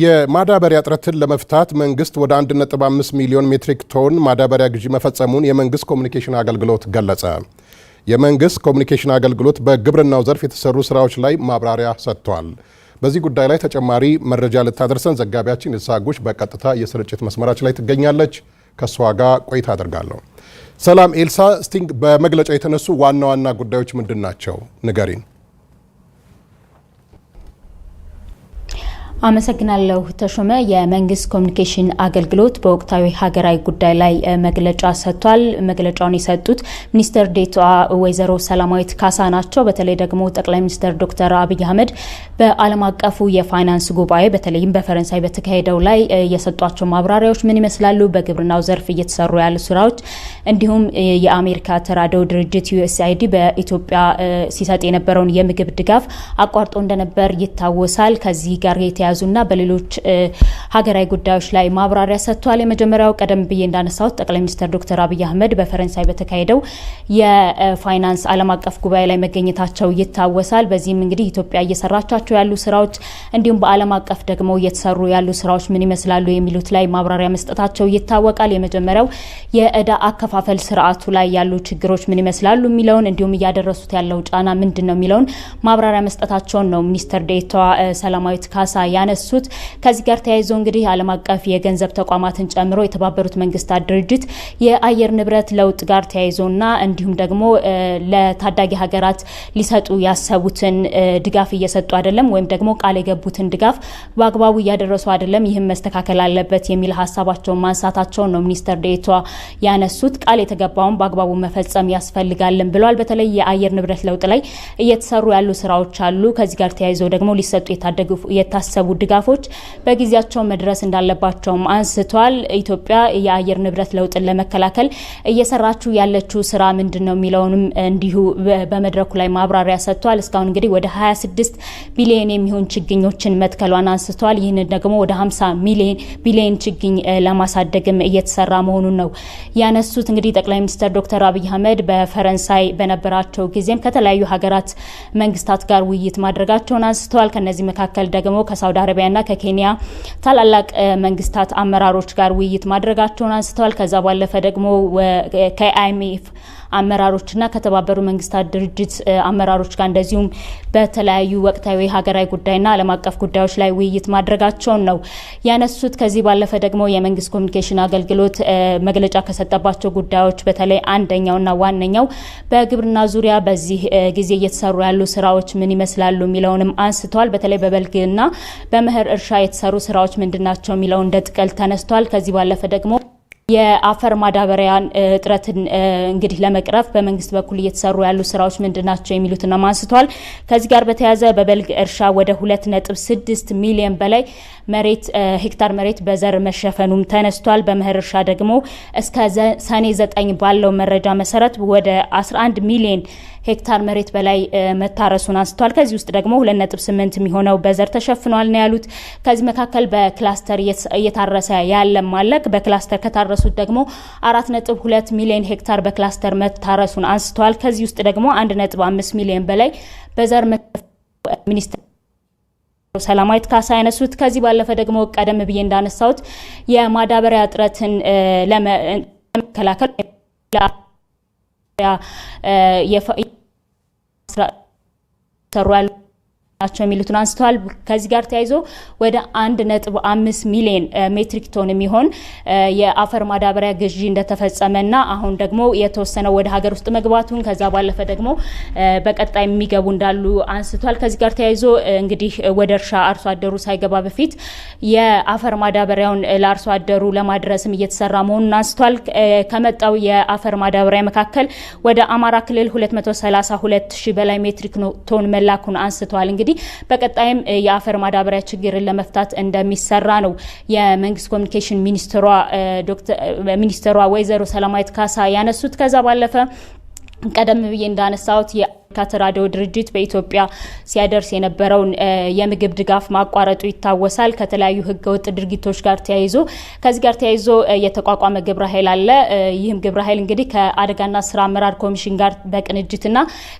የማዳበሪያ እጥረትን ለመፍታት መንግስት ወደ 1.5 ሚሊዮን ሜትሪክ ቶን ማዳበሪያ ግዢ መፈጸሙን የመንግስት ኮሚኒኬሽን አገልግሎት ገለጸ። የመንግስት ኮሚኒኬሽን አገልግሎት በግብርናው ዘርፍ የተሰሩ ስራዎች ላይ ማብራሪያ ሰጥቷል። በዚህ ጉዳይ ላይ ተጨማሪ መረጃ ልታደርሰን ዘጋቢያችን የተሳጉች በቀጥታ የስርጭት መስመራችን ላይ ትገኛለች። ከእሷ ጋር ቆይታ አድርጋለሁ። ሰላም ኤልሳ፣ ስቲንግ በመግለጫው የተነሱ ዋና ዋና ጉዳዮች ምንድን ናቸው? ንገሪን። አመሰግናለሁ ተሾመ። የመንግስት ኮሚኒኬሽን አገልግሎት በወቅታዊ ሀገራዊ ጉዳይ ላይ መግለጫ ሰጥቷል። መግለጫውን የሰጡት ሚኒስትር ዴቷ ወይዘሮ ሰላማዊት ካሳ ናቸው። በተለይ ደግሞ ጠቅላይ ሚኒስትር ዶክተር አብይ አህመድ በዓለም አቀፉ የፋይናንስ ጉባኤ በተለይም በፈረንሳይ በተካሄደው ላይ የሰጧቸው ማብራሪያዎች ምን ይመስላሉ፣ በግብርናው ዘርፍ እየተሰሩ ያሉ ስራዎች፣ እንዲሁም የአሜሪካ ተራድኦ ድርጅት ዩኤስአይዲ በኢትዮጵያ ሲሰጥ የነበረውን የምግብ ድጋፍ አቋርጦ እንደነበር ይታወሳል። ከዚህ ጋር የተያ እንደያዙና በሌሎች ሀገራዊ ጉዳዮች ላይ ማብራሪያ ሰጥቷል። የመጀመሪያው ቀደም ብዬ እንዳነሳሁት ጠቅላይ ሚኒስትር ዶክተር አብይ አህመድ በፈረንሳይ በተካሄደው የፋይናንስ ዓለም አቀፍ ጉባኤ ላይ መገኘታቸው ይታወሳል። በዚህም እንግዲህ ኢትዮጵያ እየሰራቻቸው ያሉ ስራዎች እንዲሁም በዓለም አቀፍ ደግሞ እየተሰሩ ያሉ ስራዎች ምን ይመስላሉ የሚሉት ላይ ማብራሪያ መስጠታቸው ይታወቃል። የመጀመሪያው የእዳ አከፋፈል ስርዓቱ ላይ ያሉ ችግሮች ምን ይመስላሉ የሚለውን እንዲሁም እያደረሱት ያለው ጫና ምንድን ነው የሚለውን ማብራሪያ መስጠታቸውን ነው ሚኒስትር ዴኤታዋ ሰላማዊት ካሳ ያነሱት። ከዚህ ጋር ተያይዞ እንግዲህ ዓለም አቀፍ የገንዘብ ተቋማትን ጨምሮ የተባበሩት መንግስታት ድርጅት የአየር ንብረት ለውጥ ጋር ተያይዞና እንዲሁም ደግሞ ለታዳጊ ሀገራት ሊሰጡ ያሰቡትን ድጋፍ እየሰጡ አይደለም፣ ወይም ደግሞ ቃል የገቡትን ድጋፍ በአግባቡ እያደረሱ አይደለም፣ ይህም መስተካከል አለበት የሚል ሀሳባቸውን ማንሳታቸውን ነው ሚኒስተር ዴኤቷ ያነሱት። ቃል የተገባውን በአግባቡ መፈጸም ያስፈልጋልን ብለዋል። በተለይ የአየር ንብረት ለውጥ ላይ እየተሰሩ ያሉ ስራዎች አሉ። ከዚህ ጋር ተያይዘው ደግሞ ሊሰጡ የታሰቡ ድጋፎች በጊዜያቸው መድረስ እንዳለባቸውም አንስቷል። ኢትዮጵያ የአየር ንብረት ለውጥን ለመከላከል እየሰራችው ያለችው ስራ ምንድን ነው የሚለውንም እንዲሁ በመድረኩ ላይ ማብራሪያ ሰጥቷል። እስካሁን እንግዲህ ወደ 26 ቢሊዮን የሚሆን ችግኞችን መትከሏን አንስቷል። ይህንን ደግሞ ወደ 50 ሚሊዮን ቢሊዮን ችግኝ ለማሳደግም እየተሰራ መሆኑን ነው ያነሱት። እንግዲህ ጠቅላይ ሚኒስትር ዶክተር አብይ አህመድ በፈረንሳይ በነበራቸው ጊዜም ከተለያዩ ሀገራት መንግስታት ጋር ውይይት ማድረጋቸውን አንስተዋል። ከነዚህ መካከል ደግሞ ከሳውዲ አረቢያና ከኬንያ ታላ ከታላላቅ መንግስታት አመራሮች ጋር ውይይት ማድረጋቸውን አንስተዋል። ከዛ ባለፈ ደግሞ ከአይኤምኤፍ አመራሮችና ከተባበሩ መንግስታት ድርጅት አመራሮች ጋር እንደዚሁም በተለያዩ ወቅታዊ ሀገራዊ ጉዳይና ዓለም አቀፍ ጉዳዮች ላይ ውይይት ማድረጋቸውን ነው ያነሱት። ከዚህ ባለፈ ደግሞ የመንግስት ኮሚኒኬሽን አገልግሎት መግለጫ ከሰጠባቸው ጉዳዮች በተለይ አንደኛውና ዋነኛው በግብርና ዙሪያ በዚህ ጊዜ እየተሰሩ ያሉ ስራዎች ምን ይመስላሉ የሚለውንም አንስተዋል። በተለይ በበልግና በመኸር እርሻ የተሰሩ ስራዎች ምን ምንድን ናቸው የሚለው እንደ ጥቅል ተነስቷል። ከዚህ ባለፈ ደግሞ የአፈር ማዳበሪያን እጥረትን እንግዲህ ለመቅረፍ በመንግስት በኩል እየተሰሩ ያሉ ስራዎች ምንድን ናቸው የሚሉትን አንስቷል። ከዚህ ጋር በተያያዘ በበልግ እርሻ ወደ ስድስት ሚሊዮን በላይ መሬት ሄክታር መሬት በዘር መሸፈኑም ተነስቷል። በመኸር እርሻ ደግሞ እስከ ሰኔ 9 ባለው መረጃ መሰረት ወደ 11 ሚሊዮን ሄክታር መሬት በላይ መታረሱን አንስተዋል። ከዚህ ውስጥ ደግሞ 2.8 የሚሆነው በዘር ተሸፍኗል ነው ያሉት። ከዚህ መካከል በክላስተር እየታረሰ ያለም አለ። በክላስተር ከታረሱት ደግሞ 4.2 ሚሊዮን ሄክታር በክላስተር መታረሱን አንስተዋል። ከዚህ ውስጥ ደግሞ 1.5 ሚሊዮን በላይ በዘር ሚኒስትር ሰላማዊት ካሳ ያነሱት። ከዚህ ባለፈ ደግሞ ቀደም ብዬ እንዳነሳሁት የማዳበሪያ እጥረትን ለመከላከል ስራ ሰሩ ያለ ናቸው የሚሉትን አንስተዋል። ከዚህ ጋር ተያይዞ ወደ 1.5 ሚሊዮን ሜትሪክ ቶን የሚሆን የአፈር ማዳበሪያ ግዢ እንደተፈጸመና አሁን ደግሞ የተወሰነው ወደ ሀገር ውስጥ መግባቱን ከዛ ባለፈ ደግሞ በቀጣይ የሚገቡ እንዳሉ አንስቷል። ከዚህ ጋር ተያይዞ እንግዲህ ወደ እርሻ አርሶ አደሩ ሳይገባ በፊት የአፈር ማዳበሪያውን ለአርሶ አደሩ ለማድረስም እየተሰራ መሆኑን አንስቷል። ከመጣው የአፈር ማዳበሪያ መካከል ወደ አማራ ክልል 232 ሺህ በላይ ሜትሪክ ቶን መላኩን አንስተዋል። እንግዲህ እንግዲህ በቀጣይም የአፈር ማዳበሪያ ችግርን ለመፍታት እንደሚሰራ ነው የመንግስት ኮሚኒኬሽን ሚኒስትሯ ወይዘሮ ሰላማዊት ካሳ ያነሱት። ከዛ ባለፈ ቀደም ብዬ እንዳነሳሁት ከተራድኦ ድርጅት በኢትዮጵያ ሲያደርስ የነበረውን የምግብ ድጋፍ ማቋረጡ ይታወሳል። ከተለያዩ ህገወጥ ድርጊቶች ጋር ተያይዞ ከዚህ ጋር ተያይዞ የተቋቋመ ግብረ ኃይል አለ። ይህም ግብረ ኃይል እንግዲህ ከአደጋና ስራ አመራር ኮሚሽን ጋር በቅንጅትና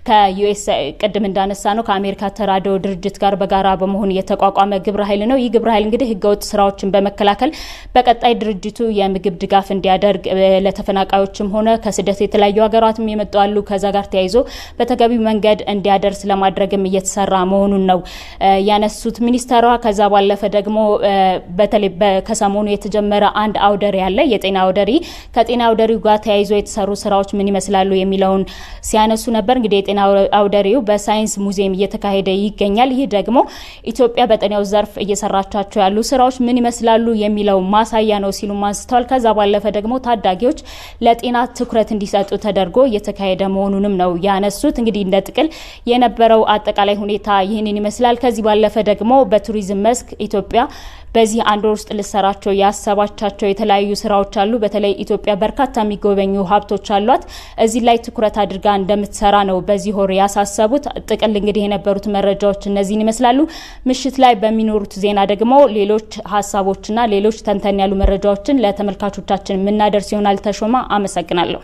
ከዩኤስ ቅድም እንዳነሳ ነው ከአሜሪካ ተራድኦ ድርጅት ጋር በጋራ በመሆን የተቋቋመ ግብረ ኃይል ነው። ይህ ግብረ ኃይል እንግዲህ ህገወጥ ስራዎችን በመከላከል በቀጣይ ድርጅቱ የምግብ ድጋፍ እንዲያደርግ ለተፈናቃዮችም ሆነ ከስደት የተለያዩ ሀገራትም የመጡ አሉ። ከዛ ጋር ተያይዞ በተገቢ መንገድ እንዲያደርስ ለማድረግም እየተሰራ መሆኑን ነው ያነሱት ሚኒስተሯ። ከዛ ባለፈ ደግሞ በተለይ ከሰሞኑ የተጀመረ አንድ አውደሪ አለ፣ የጤና አውደሪ። ከጤና አውደሪው ጋር ተያይዞ የተሰሩ ስራዎች ምን ይመስላሉ የሚለውን ሲያነሱ ነበር። እንግዲህ የጤና አውደሪው በሳይንስ ሙዚየም እየተካሄደ ይገኛል። ይህ ደግሞ ኢትዮጵያ በጤናው ዘርፍ እየሰራቻቸው ያሉ ስራዎች ምን ይመስላሉ የሚለው ማሳያ ነው ሲሉም አንስተዋል። ከዛ ባለፈ ደግሞ ታዳጊዎች ለጤና ትኩረት እንዲሰጡ ተደርጎ እየተካሄደ መሆኑንም ነው ያነሱት። እንግዲህ እንደ ጥቅል የነበረው አጠቃላይ ሁኔታ ይህንን ይመስላል። ከዚህ ባለፈ ደግሞ በቱሪዝም መስክ ኢትዮጵያ በዚህ አንድ ወር ውስጥ ልሰራቸው ያሰባቻቸው የተለያዩ ስራዎች አሉ። በተለይ ኢትዮጵያ በርካታ የሚጎበኙ ሀብቶች አሏት። እዚህ ላይ ትኩረት አድርጋ እንደምትሰራ ነው በዚህ ወር ያሳሰቡት። ጥቅል እንግዲህ የነበሩት መረጃዎች እነዚህን ይመስላሉ። ምሽት ላይ በሚኖሩት ዜና ደግሞ ሌሎች ሀሳቦችና ሌሎች ተንተን ያሉ መረጃዎችን ለተመልካቾቻችን የምናደርስ ይሆናል። ተሾማ፣ አመሰግናለሁ።